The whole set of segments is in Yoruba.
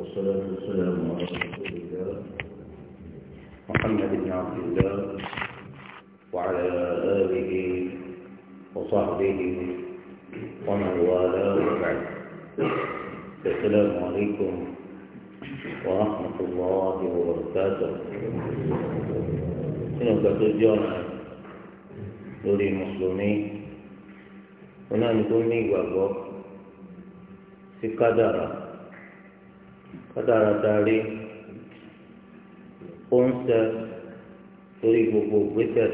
والصلاة والسلام على رسول الله محمد بن عبد الله وعلى آله وصحبه ومن والاه وبعد السلام عليكم ورحمة الله وبركاته إنه كتجار لولي المسلمين هنا نقول نيجوا sí kádàrá kádàrá darí ó ń sẹ lórí gbogbo gbèsè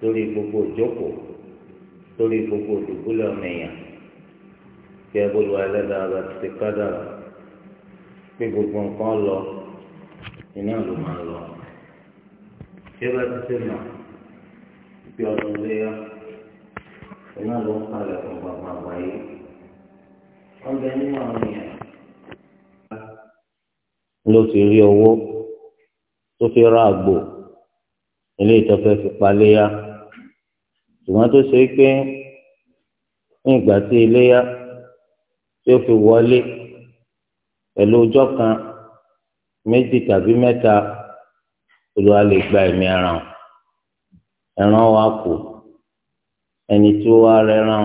lórí gbogbo ìjókòó lórí gbogbo ìdúgbòlẹ̀ ọ̀mẹ̀yà kí ẹ bọ́lú ẹlẹ́dàá bá ti ṣe kádàrá pé gbogbo nǹkan lọ iná ló máa lọ kí ẹ bá ti ṣe mọ̀ bí ọdún léyà iná ló ń kalẹ̀ fún gbàgbà wáyé wọ́n bẹ nínú àwọn ló ti rí owó tó fi ra àgbò ilé ìtọ́fẹ́ fi paléyà ṣùgbọ́n tó ṣe pé ní ìgbà tí iléyà tí ó fi wọlé pẹ̀lú ọjọ́ kan méjì tàbí mẹ́ta olùwà lè gba ẹ̀mí ẹran ẹran wa kù ẹni tí ó wá rẹran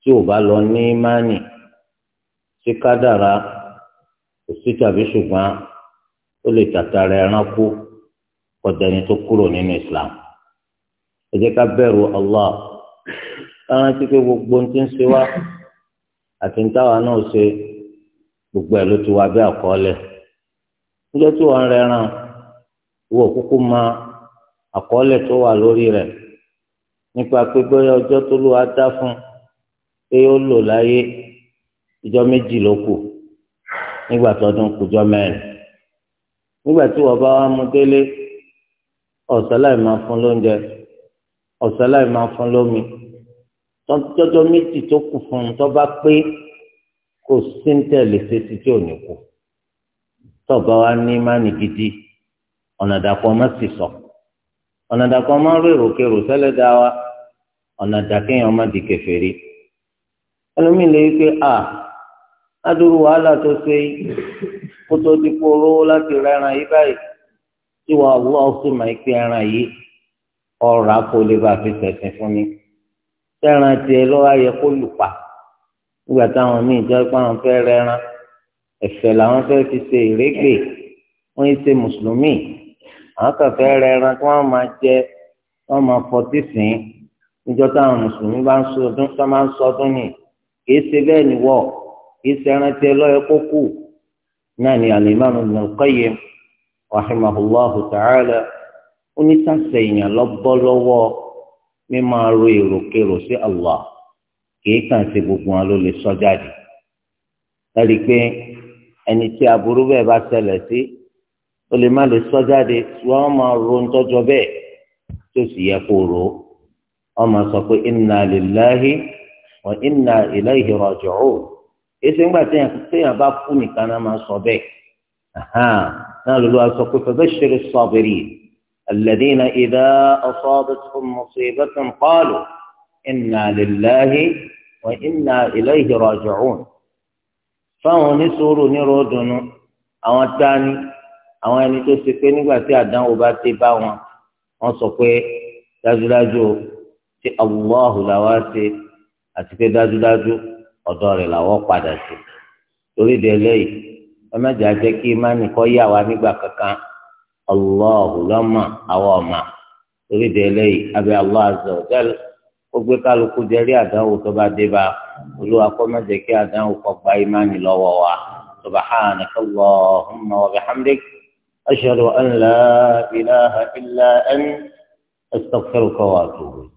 tí ò bá lọ ní mánì sí kádàrá sí tàbí ṣùgbọ́n ó lè tàtàrà ẹranko kọ̀dẹ̀ni tó kúrò nínú Islam ẹ jẹ́ ká bẹ̀rù Allah ẹran tí pé gbogbo ti ń ṣe wá àti ń táwa náà ṣe gbogbo ẹ̀ ló ti wá bí àkọọ́lẹ̀ níjọ́ tí wọ́n ń rẹran wò kúkú máa àkọọ́lẹ̀ tó wà lórí rẹ̀ nípa pé bóyá ọjọ́ tó lù wá dá fún pé ó lò láyé ìjọ méjì ló kù nígbà tó ọdún kùjọ mẹ́rin nígbà tí wọ́n bá wá mú délé ọ̀sán láì máa fún lóúnjẹ ọ̀sán láì máa fún lómi tọ́jọ́ méjì tó kù fún un tó bá pé kò sí ń tẹ̀lé ṣètì tí ò ní kù tọ́ba wa ní mánì gidi ọ̀nà dàpọ̀ má sì sọ ọ̀nà dàpọ̀ má rò èròkèrò sẹ́lẹ̀ dá wa ọ̀nà dàkéèyàn má di kèfèrí ẹlòmíì lè wí pé a ládùúrú wàhálà tó ṣe kó tó di kó rówó láti ra ẹran yìí báyìí tí wàá wọ́ ọ́ sì máa pé ẹran yìí ọ̀rọ̀ àpò lè bá fi tẹ̀sìn fún mi tẹ́ran tiẹ̀ lọ́wọ́ ayẹ kó lù pa nígbà táwọn míì jẹ́ pé àwọn fẹ́ rẹ́ran ẹ̀fẹ̀ làwọn fẹ́ fi ṣe ìrégbè wọ́n yìí ṣe mùsùlùmí àwọn kan fẹ́ rẹ́ran tí wọ́n máa jẹ wọ́n máa fọtí sìn níjọ́ táwọn mùsùlùmí bá ń sọdún ní kì í ṣe bẹ́ẹ̀ ni wọ́ọ̀ ìṣe ẹrántí ẹlọ́yẹ kókó náà ni alimami ibn al-qayyim rahimahullahu ta'ala onítàṣẹ èèyàn lọ́bọ́ lọ́wọ́ mímọ́ ro èròkèrò sí allah kìí kàn sí gbogbo wọn ló lè sọ jáde ẹ̀rí pé ẹni tí aburú bẹ́ẹ̀ bá ṣẹlẹ̀ sí ó lè má lè sọ jáde wọ́n máa ro ń tọ́jọ́ tó sì yẹ kó ro wọ́n máa sọ pé inna lillahi wa inna ilayhi raji'un èsì ńgbà téèyàn bá kú nìkan náà máa sọ bẹ́ẹ̀ náà lólu aṣọ pé fabashir as-sabirin alladhina idha asabatuhum musibatun qalu inna lillahi wa inna ilayhi raji'un fáwọn oníṣòro nírò dùnú àwọn tání àwọn ẹni tó ṣe pé nígbà tí àdánwò bá ti bá wọn wọn sọ pé dájúdájú ti Allahu làwa ṣe àti pé dájúdájú ọ̀dọ̀ rẹ̀ làwọ́ padà sí torí de lẹ́yìn ẹ má jà jẹ́ kí imáni kọ́ yà wá nígbà kankan ọlọ́ọ̀hùn lọ́mọ àwọn ọ̀mà torí de lẹ́yìn abẹ́ Allah azza wa jal ó gbé kálukú jẹ́rí àdánwò tó bá dé bá olúwa kọ́ má jẹ́ kí àdánwò kọ́ gba imáni lọ́wọ́ wa subhanaka Allahumma wa bihamdik ashhadu an la ilaha illa anta astaghfiruka wa atubu.